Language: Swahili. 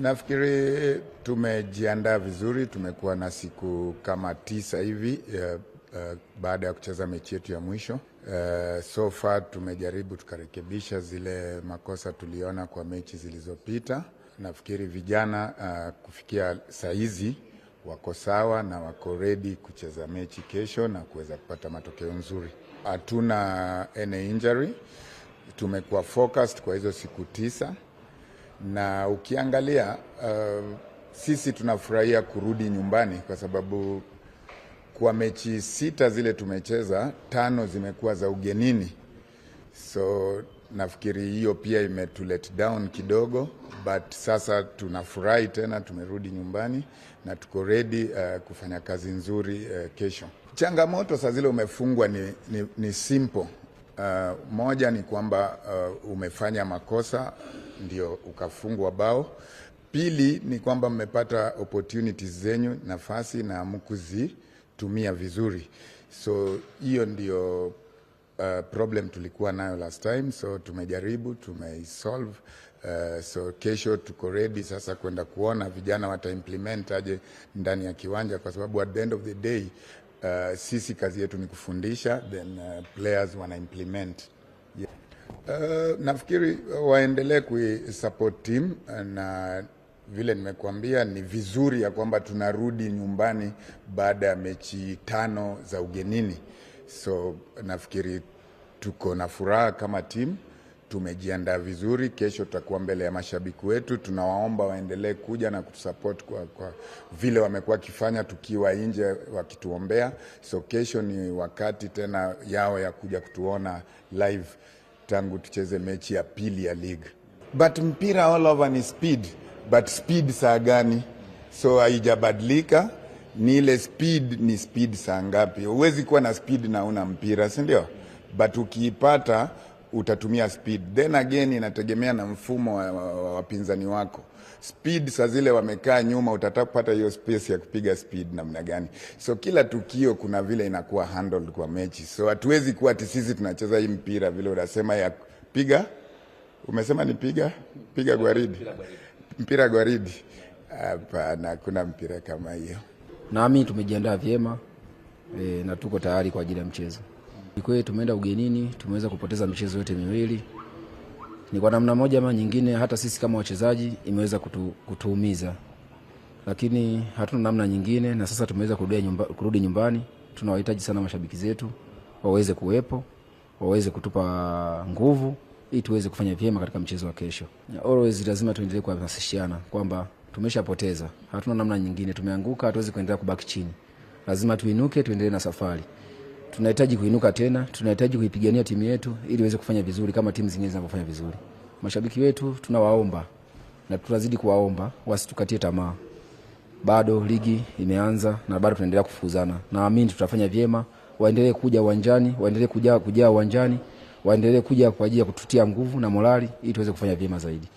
Nafikiri tumejiandaa vizuri. Tumekuwa na siku kama tisa hivi uh, uh, baada ya kucheza mechi yetu ya mwisho uh, so far tumejaribu tukarekebisha zile makosa tuliona kwa mechi zilizopita. Nafikiri vijana uh, kufikia sahizi wako sawa na wako redi kucheza mechi kesho na kuweza kupata matokeo nzuri. Hatuna any injury, tumekuwa focused kwa hizo siku tisa na ukiangalia uh, sisi tunafurahia kurudi nyumbani kwa sababu kwa mechi sita zile tumecheza, tano zimekuwa za ugenini, so nafikiri hiyo pia imetulet down kidogo, but sasa tunafurahi tena, tumerudi nyumbani na tuko ready uh, kufanya kazi nzuri uh, kesho. Changamoto saa zile umefungwa ni, ni, ni simple Uh, moja ni kwamba uh, umefanya makosa ndio ukafungwa bao. Pili ni kwamba mmepata opportunities zenyu, nafasi na mkuzitumia vizuri, so hiyo ndio uh, problem tulikuwa nayo last time, so tumejaribu tumeisolve. Uh, so kesho tuko ready sasa kwenda kuona vijana wataimplement aje ndani ya kiwanja, kwa sababu at the end of the day uh, sisi kazi yetu ni kufundisha then uh, players wana implement yeah. Uh, nafikiri uh, waendelee kuisupport team uh, na vile nimekuambia ni vizuri ya kwamba tunarudi nyumbani baada ya mechi tano za ugenini, so nafikiri tuko na furaha kama timu tumejiandaa vizuri. Kesho tutakuwa mbele ya mashabiki wetu, tunawaomba waendelee kuja na kutusupport kwa, kwa vile wamekuwa wakifanya tukiwa nje wakituombea. So kesho ni wakati tena yao ya kuja kutuona live tangu tucheze mechi ya pili ya league. But mpira all over ni speed, but speed saa gani? So haijabadilika ni ile speed, ni speed saa ngapi? Huwezi kuwa na speed na una mpira, si ndio? But ukiipata utatumia speed. Then again inategemea na mfumo wa wapinzani wako. Speed saa zile wamekaa nyuma, utataka kupata hiyo space ya kupiga speed namna gani? So kila tukio kuna vile inakuwa handled kwa mechi, so hatuwezi kuwa ati sisi tunacheza hii mpira vile unasema ya piga, umesema ni piga piga gwaridi, mpira gwaridi. Hapana, kuna mpira kama hiyo. Nami tumejiandaa vyema e, na tuko tayari kwa ajili ya mchezo. Ni kweli tumeenda ugenini, tumeweza kupoteza michezo yote miwili. Ni kwa namna moja ama nyingine, hata sisi kama wachezaji imeweza kutu, kutuumiza, lakini hatuna namna nyingine, na sasa tumeweza kurudi nyumba, kurudi nyumbani. Tunawahitaji sana mashabiki zetu waweze kuwepo, waweze kutupa nguvu ili tuweze kufanya vyema katika mchezo wa kesho. Always lazima tuendelee kuhamasishana kwamba tumeshapoteza, hatuna namna nyingine, tumeanguka, hatuwezi kuendelea kubaki chini, lazima tuinuke, tuendelee na safari tunahitaji kuinuka tena, tunahitaji kuipigania timu yetu ili iweze kufanya vizuri kama timu zingine zinavyofanya vizuri. Mashabiki wetu tunawaomba na tutazidi kuwaomba wasitukatie tamaa. Bado ligi imeanza na bado tunaendelea kufuzana. Naamini tutafanya vyema, waendelee kuja uwanjani, waendelee kuja kujaa uwanjani, waendelee kuja kwa ajili ya kututia nguvu na morali ili tuweze kufanya vyema zaidi.